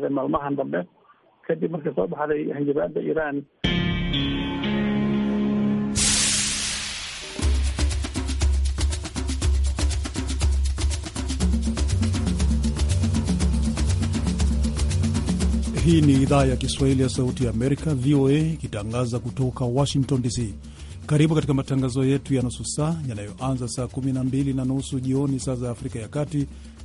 baxday maalmahan dambe kadib markay soo baxday hanjabaada iran Hii ni idhaa ya Kiswahili ya Sauti ya Amerika, VOA, ikitangaza kutoka Washington DC. Karibu katika matangazo yetu ya nusu saa yanayoanza saa 12 na nusu jioni saa za Afrika ya Kati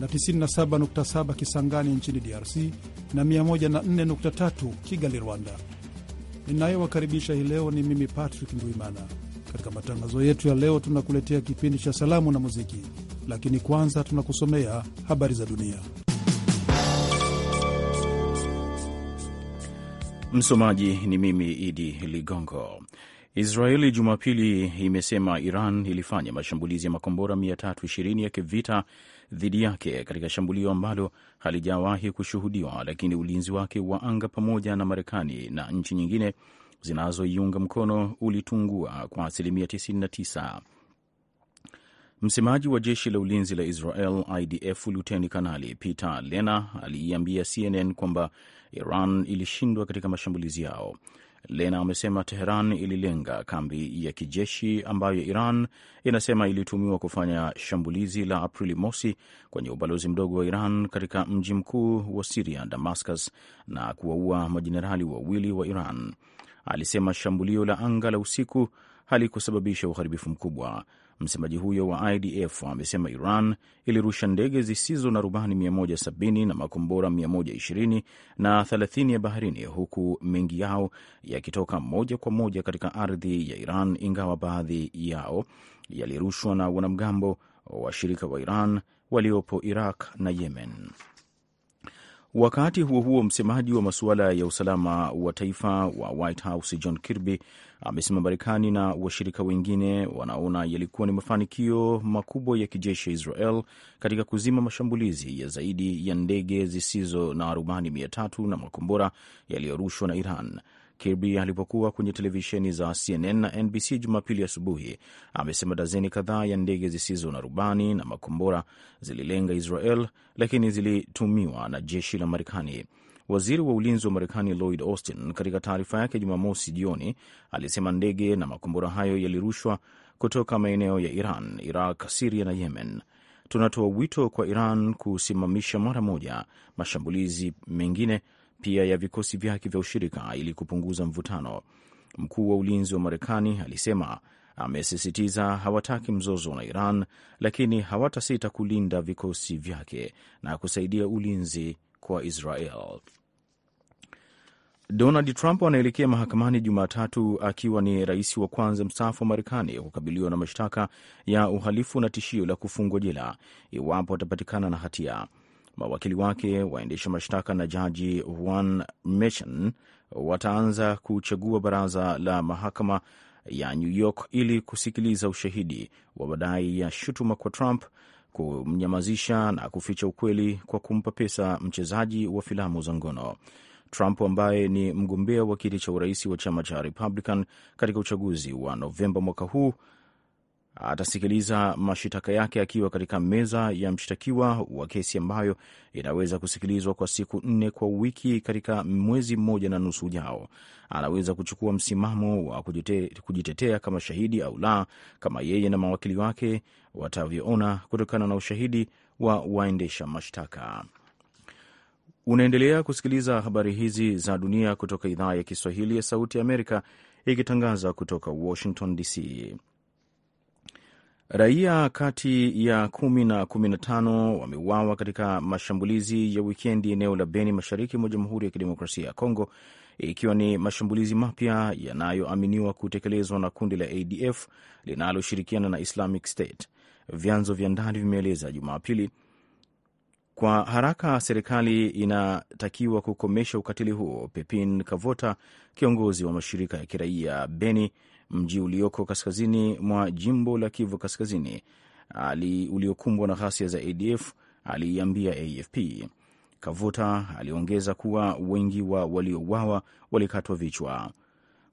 na 97.7 Kisangani nchini DRC na 104.3 Kigali, Rwanda. Ninayowakaribisha hii leo ni mimi Patrick Ndwimana. Katika matangazo yetu ya leo, tunakuletea kipindi cha salamu na muziki, lakini kwanza tunakusomea habari za dunia. Msomaji ni mimi Idi Ligongo. Israeli Jumapili imesema Iran ilifanya mashambulizi ya makombora 320 ya kivita dhidi yake katika shambulio ambalo halijawahi kushuhudiwa, lakini ulinzi wake wa anga pamoja na Marekani na nchi nyingine zinazoiunga mkono ulitungua kwa asilimia 99. Msemaji wa jeshi la ulinzi la Israel IDF luteni kanali Peter Lena aliiambia CNN kwamba Iran ilishindwa katika mashambulizi yao. Lena amesema Teheran ililenga kambi ya kijeshi ambayo Iran inasema ilitumiwa kufanya shambulizi la Aprili mosi kwenye ubalozi mdogo wa Iran katika mji mkuu wa Siria, Damascus, na kuwaua majenerali wawili wa Iran. Alisema shambulio la anga la usiku halikusababisha uharibifu mkubwa. Msemaji huyo wa IDF amesema Iran ilirusha ndege zisizo na rubani 170 na makombora 120 na 30 ya baharini, huku mengi yao yakitoka moja kwa moja katika ardhi ya Iran, ingawa baadhi yao yalirushwa na wanamgambo washirika wa Iran waliopo Iraq na Yemen. Wakati huo huo, msemaji wa masuala ya usalama wa taifa wa White House John Kirby amesema Marekani na washirika wengine wanaona yalikuwa ni mafanikio makubwa ya kijeshi ya Israel katika kuzima mashambulizi ya zaidi ya ndege zisizo na rubani mia tatu na makombora yaliyorushwa na Iran. Kirby alipokuwa kwenye televisheni za CNN na NBC Jumapili asubuhi amesema dazeni kadhaa ya ndege zisizo na rubani na makombora zililenga Israel, lakini zilitumiwa na jeshi la Marekani. Waziri wa ulinzi wa Marekani Lloyd Austin katika taarifa yake Jumamosi jioni alisema ndege na makombora hayo yalirushwa kutoka maeneo ya Iran, Iraq, Siria na Yemen. Tunatoa wito kwa Iran kusimamisha mara moja mashambulizi mengine pia ya vikosi vyake vya ushirika ili kupunguza mvutano, mkuu wa ulinzi wa Marekani alisema. Amesisitiza hawataki mzozo na Iran, lakini hawatasita kulinda vikosi vyake na kusaidia ulinzi kwa Israel. Donald Trump anaelekea mahakamani Jumatatu akiwa ni rais wa kwanza mstaafu wa Marekani ya kukabiliwa na mashtaka ya uhalifu na tishio la kufungwa jela iwapo atapatikana na hatia. Mawakili wake, waendesha mashtaka na jaji Juan Merchan wataanza kuchagua baraza la mahakama ya New York ili kusikiliza ushahidi wa madai ya shutuma kwa Trump kumnyamazisha na kuficha ukweli kwa kumpa pesa mchezaji wa filamu za ngono. Trump ambaye ni mgombea wa kiti cha urais wa chama cha Republican katika uchaguzi wa Novemba mwaka huu atasikiliza mashitaka yake akiwa katika meza ya mshtakiwa wa kesi ambayo inaweza kusikilizwa kwa siku nne kwa wiki katika mwezi mmoja na nusu ujao. Anaweza kuchukua msimamo wa kujite, kujitetea kama shahidi au la, kama yeye na mawakili wake watavyoona kutokana na ushahidi wa waendesha mashtaka. Unaendelea kusikiliza habari hizi za dunia kutoka idhaa ya Kiswahili ya Sauti ya Amerika ikitangaza kutoka Washington DC. Raia kati ya kumi na kumi na tano wameuawa katika mashambulizi ya wikendi eneo la Beni, mashariki mwa Jamhuri ya Kidemokrasia ya Kongo, ikiwa ni mashambulizi mapya yanayoaminiwa kutekelezwa na kundi la ADF linaloshirikiana na Islamic State. Vyanzo vya ndani vimeeleza Jumapili kwa haraka serikali inatakiwa kukomesha ukatili huo. Pepin Kavota, kiongozi wa mashirika ya kiraia Beni, mji ulioko kaskazini mwa jimbo la Kivu Kaskazini ali uliokumbwa na ghasia za ADF, aliiambia AFP. Kavota aliongeza kuwa wengi wa waliouawa walikatwa vichwa.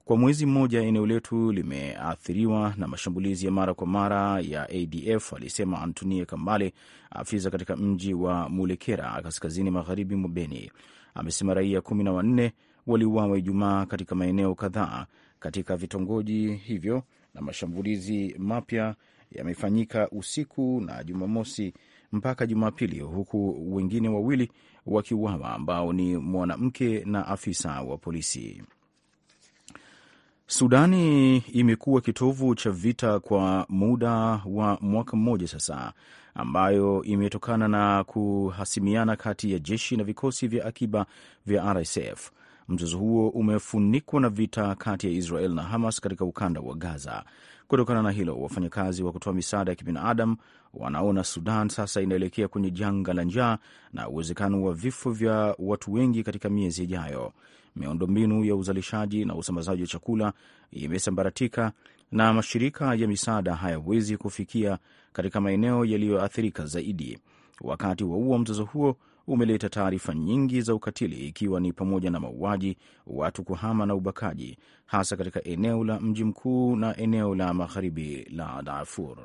Kwa mwezi mmoja, eneo letu limeathiriwa na mashambulizi ya mara kwa mara ya ADF, alisema Antonie Kambale, afisa katika mji wa Mulekera, kaskazini magharibi mwa Beni. Amesema raia kumi na wanne waliuawa Ijumaa katika maeneo kadhaa katika vitongoji hivyo, na mashambulizi mapya yamefanyika usiku na Jumamosi mpaka Jumapili, huku wengine wawili wakiuawa ambao ni mwanamke na afisa wa polisi. Sudani imekuwa kitovu cha vita kwa muda wa mwaka mmoja sasa, ambayo imetokana na kuhasimiana kati ya jeshi na vikosi vya akiba vya RSF. Mzozo huo umefunikwa na vita kati ya Israel na Hamas katika ukanda wa Gaza. Kutokana na hilo, wafanyakazi wa kutoa misaada ya kibinadamu wanaona Sudan sasa inaelekea kwenye janga la njaa na uwezekano wa vifo vya watu wengi katika miezi ijayo miundombinu ya uzalishaji na usambazaji wa chakula imesambaratika na mashirika ya misaada hayawezi kufikia katika maeneo yaliyoathirika zaidi. Wakati wa huo, mzozo huo umeleta taarifa nyingi za ukatili, ikiwa ni pamoja na mauaji, watu kuhama na ubakaji, hasa katika eneo la mji mkuu na eneo la magharibi la Darfur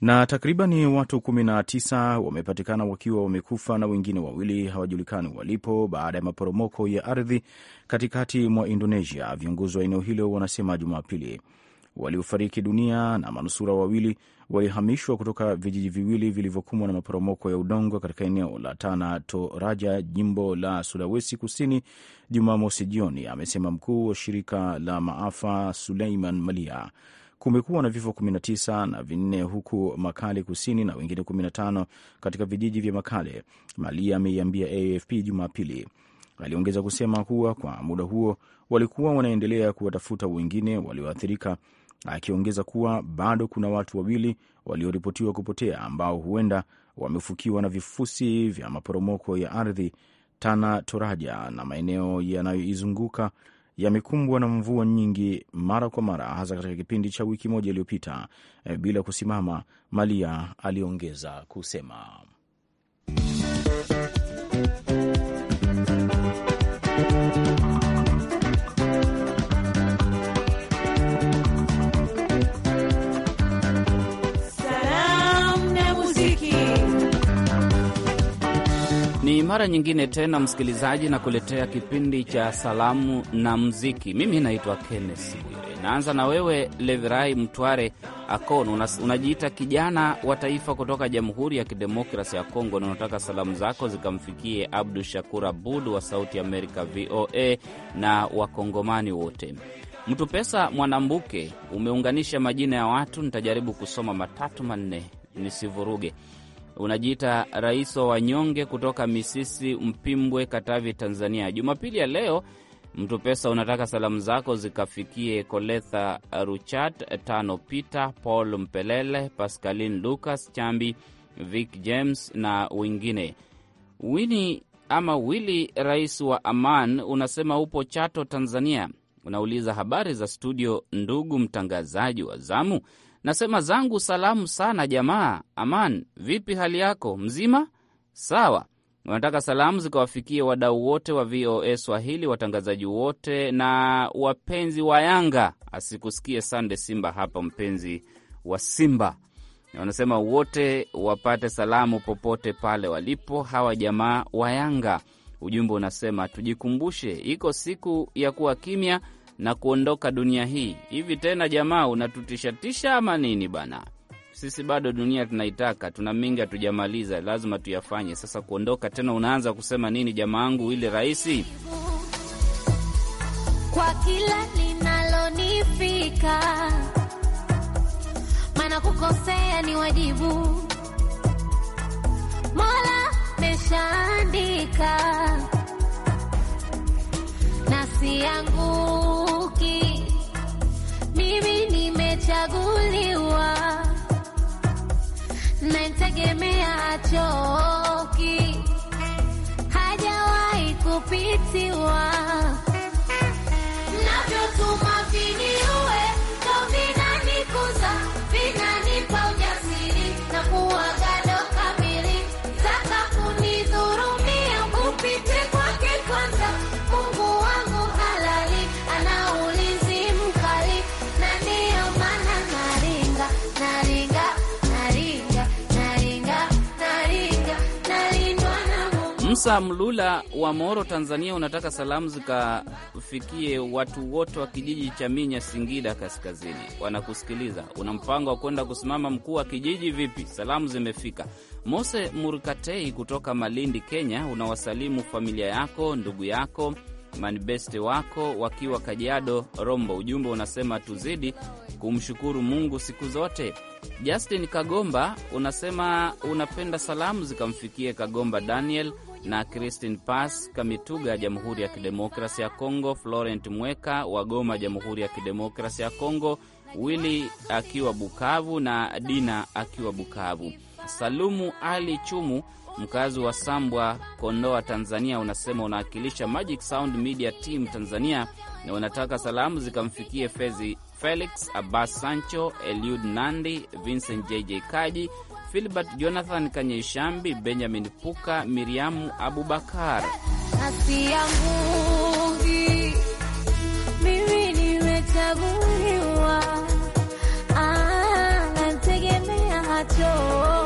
na takribani watu 19 wamepatikana wakiwa wamekufa na wengine wawili hawajulikani walipo baada ya maporomoko ya ardhi katikati mwa Indonesia. Viongozi wa eneo hilo wanasema Jumapili waliofariki dunia na manusura wawili walihamishwa kutoka vijiji viwili vilivyokumbwa na maporomoko ya udongo katika eneo la Tana Toraja, jimbo la Sulawesi Kusini, Jumamosi jioni, amesema mkuu wa shirika la maafa Suleiman Malia. Kumekuwa na vifo 19 na vinne huku Makale kusini na wengine 15 katika vijiji vya Makale, Malia ameiambia AFP Jumapili. Aliongeza kusema kuwa kwa muda huo walikuwa wanaendelea kuwatafuta wengine walioathirika, akiongeza kuwa bado kuna watu wawili walioripotiwa kupotea ambao huenda wamefukiwa na vifusi vya maporomoko ya ardhi Tana Toraja na maeneo yanayoizunguka yamekumbwa na mvua nyingi mara kwa mara, hasa katika kipindi cha wiki moja iliyopita, eh, bila kusimama, Malia aliongeza kusema. mara nyingine tena msikilizaji, na kuletea kipindi cha salamu na mziki Mimi naitwa kennes Bwire. Naanza na wewe Levirai Mtware Akon, unajiita kijana wa taifa kutoka Jamhuri ya Kidemokrasi ya Kongo, na unataka salamu zako zikamfikie Abdu Shakur Abud wa Sauti Amerika VOA na Wakongomani wote. Mtu Pesa Mwanambuke, umeunganisha majina ya watu, nitajaribu kusoma matatu manne nisivuruge unajiita rais wa wanyonge kutoka Misisi, Mpimbwe, Katavi, Tanzania. Jumapili ya leo mtu pesa unataka salamu zako zikafikie Koletha Ruchat Tano, Peter Paul Mpelele, Pascalin Lucas Chambi, Vic James na wengine. Wini ama Wili, rais wa Aman, unasema upo Chato, Tanzania. Unauliza habari za studio, ndugu mtangazaji wa zamu Nasema zangu salamu sana jamaa. Aman, vipi hali yako? Mzima? Sawa. Wanataka salamu zikawafikie wadau wote wa VOA Swahili, watangazaji wote na wapenzi wa Yanga. Asikusikie Sande Simba hapa, mpenzi wa Simba. Wanasema wote wapate salamu popote pale walipo hawa jamaa wa Yanga. Ujumbe unasema tujikumbushe, iko siku ya kuwa kimya na kuondoka dunia hii. Hivi tena jamaa, unatutishatisha ama nini bana? Sisi bado dunia tunaitaka, tuna mingi hatujamaliza, lazima tuyafanye. Sasa kuondoka tena, unaanza kusema nini jamaa angu Ile rahisi kwa kila linalonifika, maana kukosea ni wajibu, Mola meshaandika nasi yangu kuchaguliwa naitegemea choki hajawahi kupitiwa navyotuma Musa Mlula wa Moro, Tanzania, unataka salamu zikafikie watu wote wa kijiji cha Minya, Singida Kaskazini. Wanakusikiliza. Una mpango wa kwenda kusimama mkuu wa kijiji vipi? Salamu zimefika. Mose murkatei kutoka Malindi, Kenya, unawasalimu familia yako, ndugu yako manibeste wako wakiwa Kajiado, Rombo. Ujumbe unasema tuzidi kumshukuru Mungu siku zote. Justin Kagomba unasema unapenda salamu zikamfikie Kagomba Daniel na Christine Pass Kamituga, Jamhuri ya Kidemokrasi ya Kongo, Florent Mweka wa Goma, Jamhuri ya Kidemokrasi ya Kongo, willi akiwa Bukavu na Dina akiwa Bukavu. Salumu Ali Chumu, mkazi wa Sambwa, Kondoa, Tanzania, unasema unawakilisha Magic Sound Media Team Tanzania na unataka salamu zikamfikie Fezi Felix Abbas Sancho, Eliud Nandi, Vincent JJ Kaji Filbert Jonathan Kanyeishambi, Benjamin Puka, Miriamu Abubakar. Ah, nategemea hacho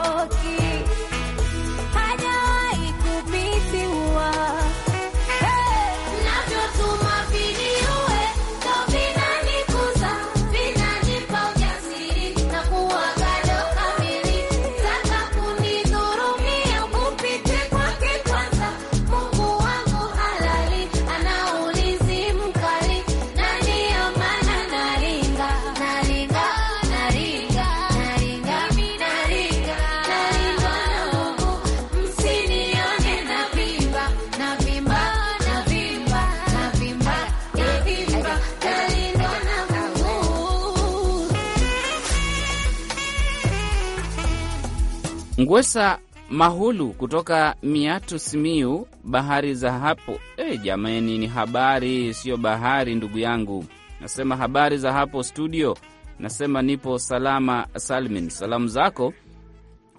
Ngwesa Mahulu kutoka Miatu Simiu, bahari za hapo. E, jamani, ni habari siyo bahari, ndugu yangu. Nasema habari za hapo studio, nasema nipo salama salmin. Salamu zako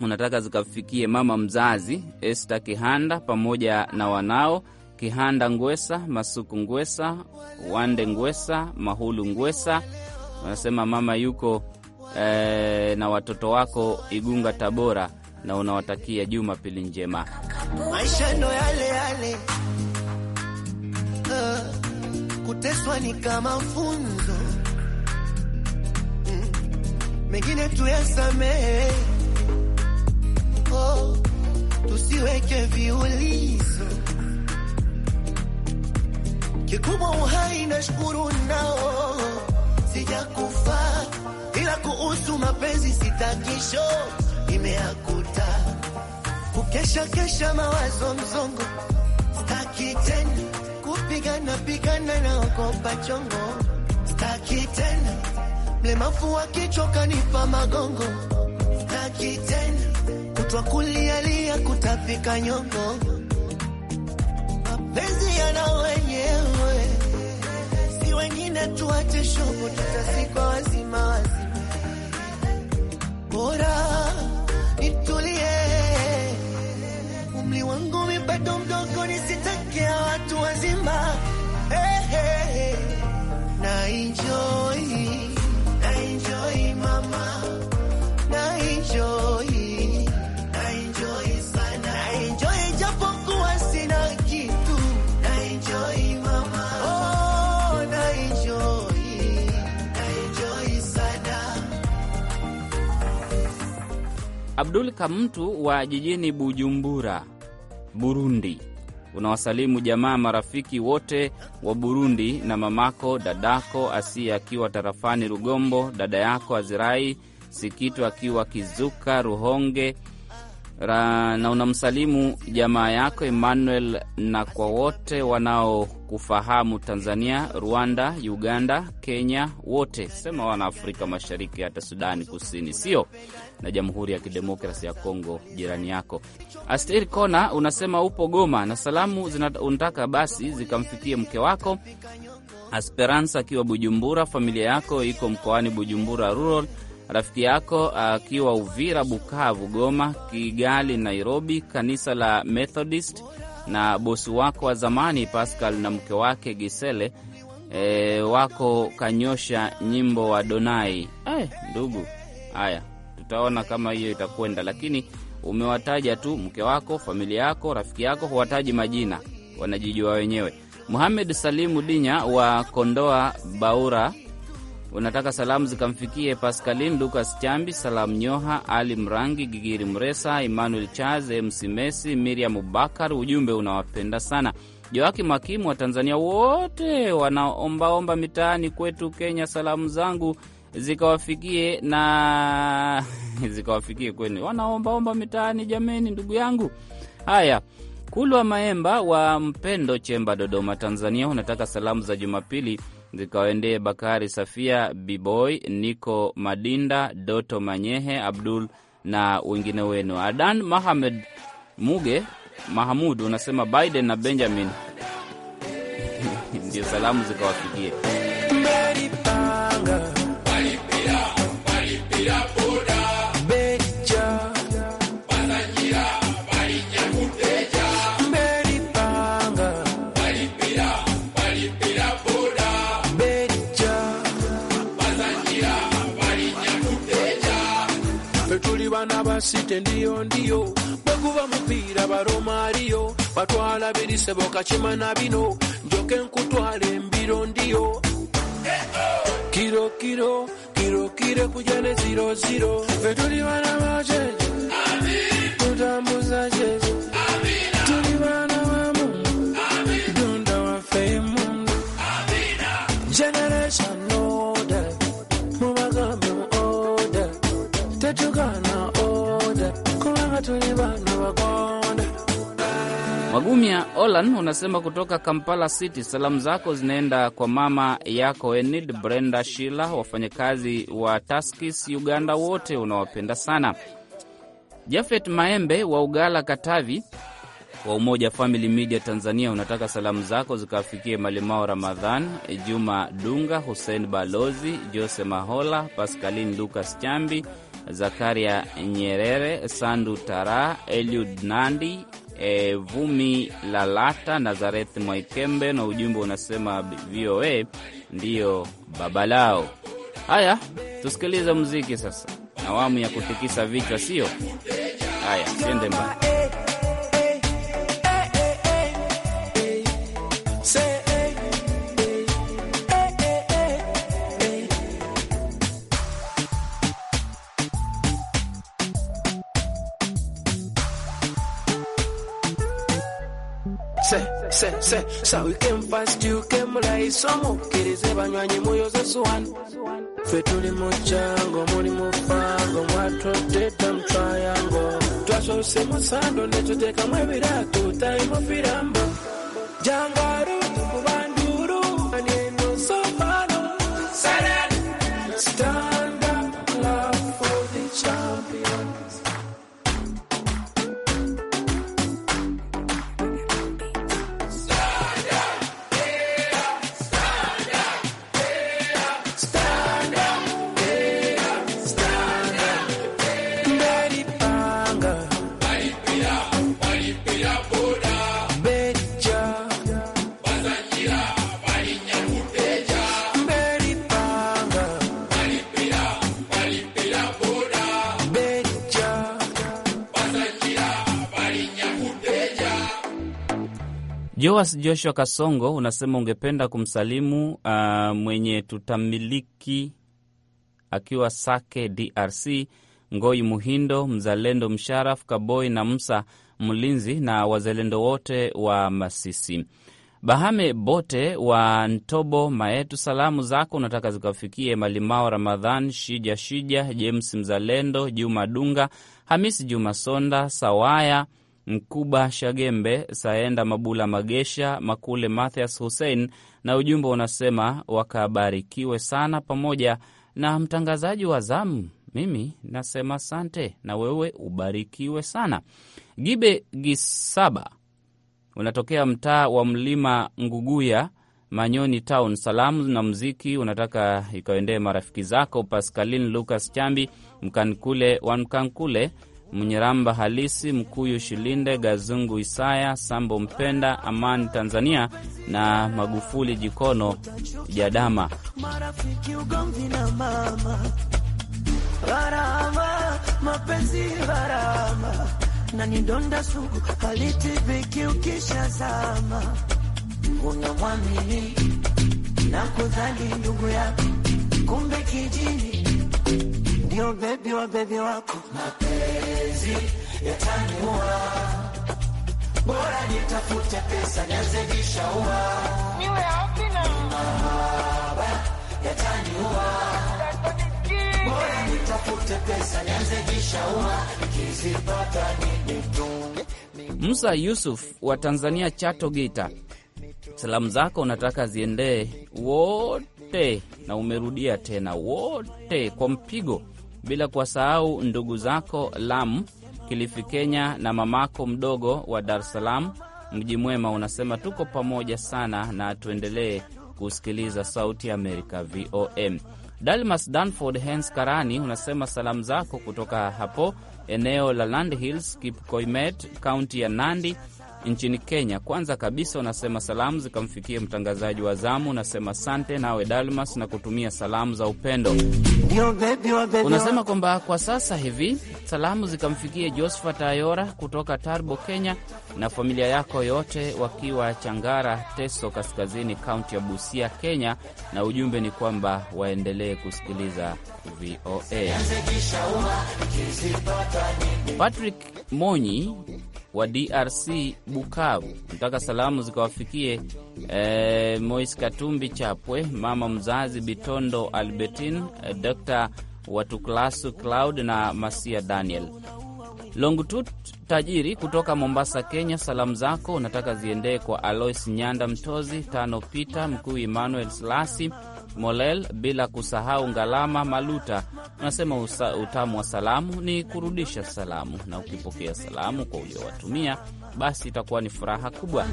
unataka zikafikie mama mzazi Esta Kihanda pamoja na wanao Kihanda Ngwesa, Masuku Ngwesa, Wande Ngwesa, Mahulu Ngwesa. anasema mama yuko e, na watoto wako Igunga, Tabora na unawatakia Jumapili njema. Maisha ndo yale yale, uh, kuteswa ni kama funzo, mm, mengine tuyasamehe, oh, tusiweke viulizo, kikubwa uhai na shukuru nao, sijakufa ila kuhusu mapenzi sitakisho nimeakuta kukesha kesha mawazo mzongo, staki tena kupigana pigana na wakopa chongo, staki tena mlemafu wa kichwa magongo, staki tena kutwa kulialia kutapika nyongo, mapenzi yana wenyewe, si wengine tuache shobo, tutasikwa wazima wazima bora Itulie Abdul Kamtu wa jijini Bujumbura, Burundi, unawasalimu jamaa, marafiki wote wa Burundi na mamako dadako Asia akiwa tarafani Rugombo, dada yako Azirai Sikitu akiwa Kizuka Ruhonge ra, na unamsalimu jamaa yako Emmanuel na kwa wote wanaokufahamu Tanzania, Rwanda, Uganda, Kenya, wote sema wana Afrika Mashariki, hata Sudani Kusini, sio na Jamhuri ya Kidemokrasi ya Kongo, jirani yako. Aster Kona unasema upo Goma na salamu unataka basi zikamfikie mke wako Asperansa akiwa Bujumbura, familia yako iko mkoani Bujumbura rural rafiki yako akiwa Uvira, Bukavu, Goma, Kigali, Nairobi, kanisa la Methodist na bosi wako wa zamani Pascal na mke wake Gisele e, wako kanyosha nyimbo wa Donai. Ay, eh, ndugu, haya tutaona kama hiyo itakwenda, lakini umewataja tu mke wako, familia yako, rafiki yako, huwataji majina, wanajijua wenyewe. Muhamed Salimu Dinya wa Kondoa Baura unataka salamu zikamfikie Paskalin Lukas Chambi, Salam Nyoha, Ali Mrangi, Gigiri Mresa, Emmanuel Charles, Msimesi, Miriam Ubakar. Ujumbe unawapenda sana. joaki makimu wa Tanzania, wote wanaombaomba mitaani kwetu Kenya, salamu zangu zikawafikie na zikawafikie kwenu wanaombaomba mitaani. Jameni, ndugu yangu, haya Kulwa Maemba wa Mpendo Chemba, Dodoma, Tanzania, unataka salamu za Jumapili zikawaendee Bakari Safia, Biboy Niko Madinda, Doto Manyehe, Abdul na wengine wenu. Adan Mahamed Muge Mahamud unasema Biden na Benjamin ndio salamu zikawafikie. basite ndiyo ndiyo bwe guba mupiira baromaariyo batwala birise bokakimana bino njoke nkutwala embiro ndiyo kiro kiro kirokire kuja ne ziroziro ffe tuli bana ba jeje tutambuza jesu Magumia Olan unasema kutoka Kampala City, salamu zako zinaenda kwa mama yako Enid Brenda Shila, wafanyakazi wa Taskis Uganda wote unawapenda sana. Jafet Maembe wa Ugala Katavi wa Umoja Family Media Tanzania unataka salamu zako zikawafikie Malimao Ramadhan, Juma Dunga, Hussein Balozi, Jose Mahola, Pascaline Lucas Chambi, Zakaria Nyerere, Sandu Tara, Eliud Nandi e, Vumi Lalata, Nazareth Mwaikembe, na ujumbe unasema VOA ndiyo baba lao. Haya, tusikilize muziki sasa, awamu ya kutikisa vichwa, sio haya, siende mbali. se se sawike mpasyuke mulayisa omukkirize banywanyi muyozeswan ffe tuli mu kyango muli mu fango mwatudde tamutwayango twasolose musando netuteekamu ebiratu tayimufirambo jangaro Joas Joshua Kasongo unasema ungependa kumsalimu uh, mwenye tutamiliki akiwa Sake DRC, Ngoi Muhindo Mzalendo Msharaf Kaboi na Msa Mlinzi na wazalendo wote wa Masisi Bahame Bote wa Ntobo Maetu. Salamu zako unataka zikafikie Malimao Ramadhan Shija Shija, James Mzalendo, Juma Dunga, Hamisi Juma Sonda Sawaya Mkuba Shagembe, Saenda Mabula Magesha, Makule Mathias Hussein, na ujumbe unasema wakabarikiwe sana pamoja na mtangazaji wa zamu. Mimi nasema sante, na wewe ubarikiwe sana. Gibe Gisaba unatokea mtaa wa Mlima Nguguya, Manyoni Town. Salamu na mziki unataka ikaendee marafiki zako paskalin Lucas Chambi, Mkankule wa Mkankule Mnyeramba Halisi, Mkuyu Shilinde, Gazungu Isaya, Sambo Mpenda, Amani Tanzania na Magufuli Jikono Jadama. mapenzi na ni donda sugu halitibiki na kudhani ndugu yako, kumbe kijini ndio bebi wa bebi wako, mapenzi yatanua, bora nitafute pesa nianze jishaua, mahaba yataniua, bora nitafute pesa nianze jishaua, nikizipata nini tu. Musa Yusuf wa Tanzania, Chato, Geita, salamu zako unataka ziendee wote na umerudia tena wote kwa mpigo bila kuwasahau ndugu zako Lamu, Kilifi, Kenya, na mamako mdogo wa Dar es Salaam. Mji Mwema unasema tuko pamoja sana na tuendelee kusikiliza Sauti ya Amerika, VOM. Dalmas Danford Hens Karani unasema salamu zako kutoka hapo eneo la Land Hills, Kipkoimet, kaunti ya Nandi nchini Kenya. Kwanza kabisa, unasema salamu zikamfikie mtangazaji wa zamu, unasema sante nawe Dalmas na kutumia salamu za upendo. Unasema kwamba kwa sasa hivi salamu zikamfikie Josephat Ayora kutoka Tarbo, Kenya, na familia yako yote wakiwa Changara, Teso Kaskazini, kaunti ya Busia, Kenya, na ujumbe ni kwamba waendelee kusikiliza VOA. Patrick Monyi wa DRC Bukavu. Nataka salamu zikawafikie e, eh, Mois Katumbi Chapwe, mama mzazi Bitondo Albertin, e, eh, Dr Watuklasu Cloud na Masia Daniel Longtut tajiri kutoka Mombasa, Kenya. Salamu zako unataka ziendee kwa Alois Nyanda Mtozi, Tano Peter Mkuu, Emmanuel Slasi Molel, bila kusahau Ngalama Maluta unasema utamu wa salamu ni kurudisha salamu, na ukipokea salamu kwa uliowatumia basi itakuwa ni furaha kubwa.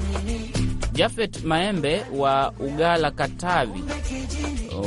Jafet Maembe wa Ugala, Katavi,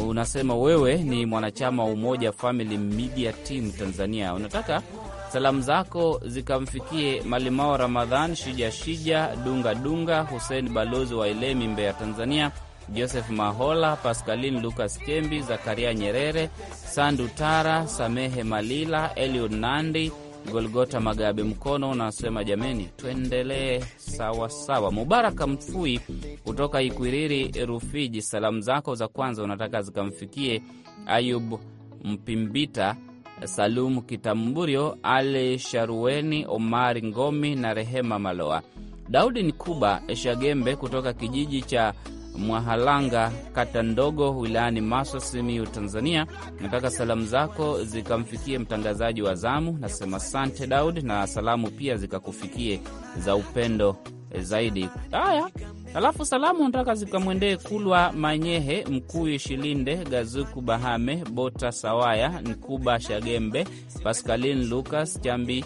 unasema wewe ni mwanachama wa Umoja Family Media Team Tanzania, unataka salamu zako zikamfikie Malimao Ramadhan, Shija Shija, Dunga Dunga, Hussein balozi wa Elemi, Mbeya, Tanzania, Joseph Mahola, Pascaline Lucas Kembi, Zakaria Nyerere, Sandu Tara, Samehe Malila, Eliud Nandi, Golgota Magabe Mkono unasema jameni, tuendelee sawasawa. Mubaraka Mfui kutoka Ikwiriri, Rufiji, salamu zako za kwanza unataka zikamfikie Ayub Mpimbita, salumu Kitamburio, Ali Sharueni, Omari Ngomi na Rehema Maloa. Daudi Nkuba Shagembe kutoka kijiji cha Mwahalanga, kata ndogo, wilayani Maswa, Simiyu, Tanzania. Nataka salamu zako zikamfikie mtangazaji wa zamu, nasema sante Daud, na salamu pia zikakufikie za upendo zaidi. Haya, alafu salamu nataka zikamwendee Kulwa Manyehe, Mkuyu Shilinde, Gazuku Bahame, Bota Sawaya, Nkuba Shagembe, Pascaline Lucas Chambi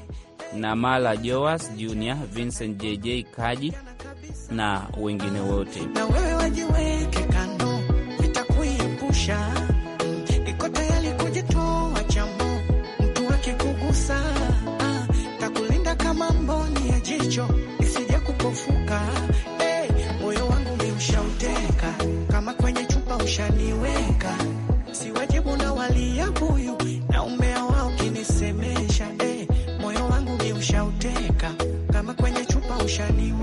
namala Joas Junior, Vincent JJ Kaji na wengine wote. Na wewe wajiweke kando, nitakuepusha. iko tayari kujitoa chamo, mtu akikugusa takulinda kama mboni ya jicho isije kupofuka. Hey, moyo wangu meushauteka kama kwenye chupa ushaniweka, si wajibu na walia huyu na umea wao kinisemesha Hey, moyo wangu meushauteka kama kwenye chupa ushaniweka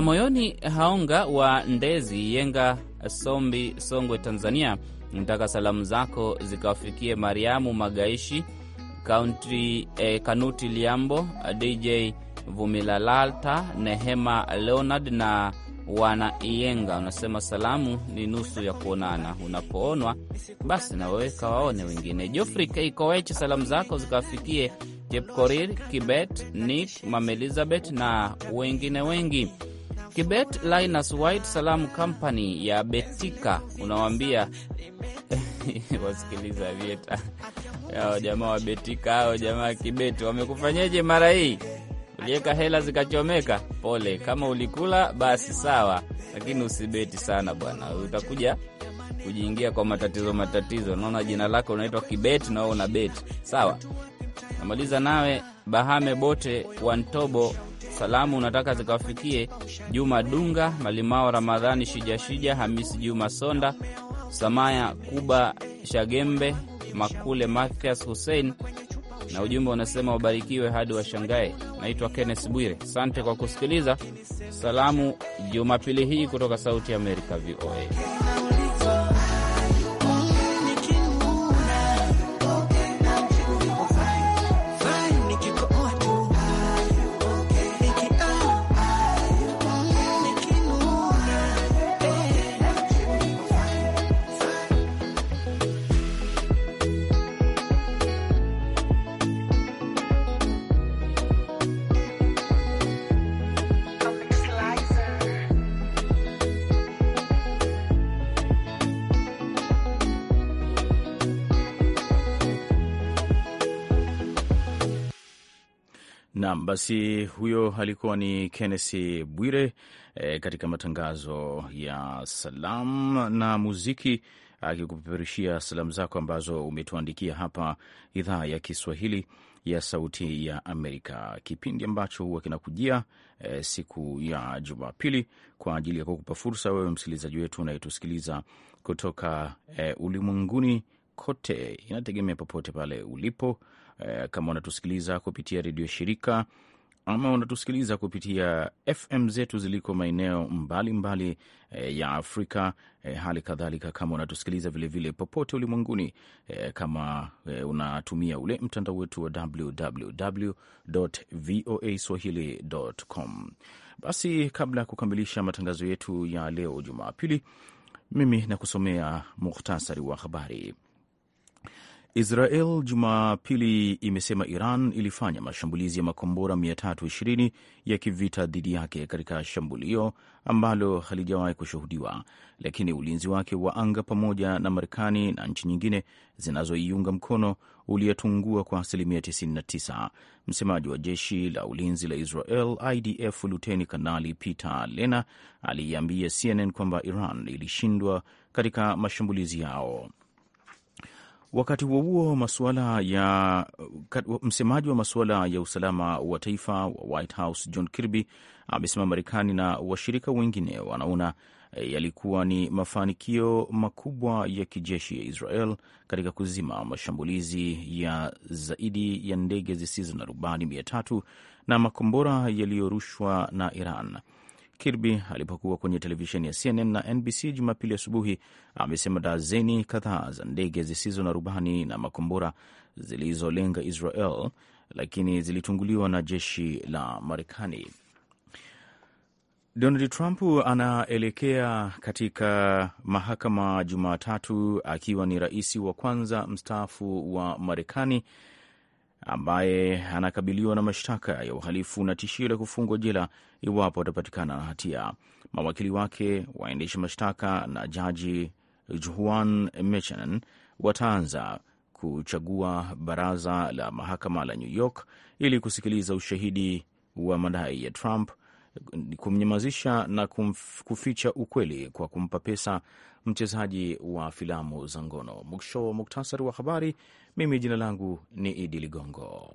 za moyoni. Haonga wa Ndezi, Yenga, Sombi, Songwe, Tanzania, nataka salamu zako zikawafikie Mariamu Magaishi, Kaunti, eh, Kanuti Liambo, DJ Vumilalalta, Nehema Leonard na wana Iyenga. Unasema salamu ni nusu ya kuonana, unapoonwa basi na wewe kawaone wengine. Jofri Kikoeche, salamu zako zikawafikie Jepkorir Kibet, Nick mamelizabeth Elizabeth na wengine wengi. Kibet Linus White Salamu Company ya Betika unawambia eh, wasikiliza vieta ao jamaa wa Betika jamaa wa Kibet wamekufanyeje mara hii? Uliweka hela zikachomeka, pole. Kama ulikula basi sawa, lakini usibeti sana bwana, utakuja kujiingia kwa matatizo matatizo. Naona jina lako unaitwa Kibet na wewe una sawa. Namaliza nawe Bahame Bote Wantobo Salamu unataka zikawafikie Juma Dunga, Malimao Ramadhani, Shijashija, Hamisi Juma Sonda, Samaya Kuba, Shagembe Makule, Mathias Hussein, na ujumbe unasema wabarikiwe hadi washangae. Naitwa Kenneth Bwire, asante kwa kusikiliza Salamu Jumapili hii kutoka Sauti ya Amerika, VOA. Naam, basi huyo alikuwa ni kennesi Bwire e, katika matangazo ya salam na muziki akikupeperushia salamu zako ambazo umetuandikia hapa idhaa ya Kiswahili ya Sauti ya Amerika, kipindi ambacho huwa kinakujia e, siku ya Jumapili kwa ajili ya kukupa fursa wewe msikilizaji wetu unayetusikiliza kutoka e, ulimwenguni kote, inategemea popote pale ulipo Eh, kama unatusikiliza kupitia redio shirika ama unatusikiliza kupitia FM zetu ziliko maeneo mbalimbali e, ya Afrika e, hali kadhalika kama unatusikiliza vilevile popote ulimwenguni e, kama e, unatumia ule mtandao wetu wa www.voaswahili.com. Basi kabla ya kukamilisha matangazo yetu ya leo Jumapili, mimi nakusomea muhtasari wa habari. Israel Jumapili imesema Iran ilifanya mashambulizi ya makombora 320 ya kivita dhidi yake katika shambulio ambalo halijawahi kushuhudiwa, lakini ulinzi wake wa anga pamoja na Marekani na nchi nyingine zinazoiunga mkono uliyetungua kwa asilimia 99. Msemaji wa jeshi la ulinzi la Israel IDF Luteni Kanali Peter Lena aliiambia CNN kwamba Iran ilishindwa katika mashambulizi yao. Wakati huo huo, masuala ya msemaji wa masuala ya usalama wa taifa wa White House John Kirby amesema Marekani na washirika wengine wanaona eh, yalikuwa ni mafanikio makubwa ya kijeshi ya Israel katika kuzima mashambulizi ya zaidi ya ndege zisizo na rubani mia tatu na makombora yaliyorushwa na Iran. Kirby alipokuwa kwenye televisheni ya CNN na NBC Jumapili asubuhi amesema dazeni kadhaa za ndege zisizo na rubani na makombora zilizolenga Israel lakini zilitunguliwa na jeshi la Marekani. Donald Trump anaelekea katika mahakama Jumatatu akiwa ni rais wa kwanza mstaafu wa Marekani ambaye anakabiliwa na mashtaka ya uhalifu na tishio la kufungwa jela iwapo watapatikana na hatia. Mawakili wake, waendesha mashtaka na jaji Juan Mechanan wataanza kuchagua baraza la mahakama la New York ili kusikiliza ushahidi wa madai ya Trump kumnyamazisha na kuficha ukweli kwa kumpa pesa mchezaji wa filamu za ngono. Mwisho wa muktasari wa habari. Mimi jina langu ni Idi Ligongo.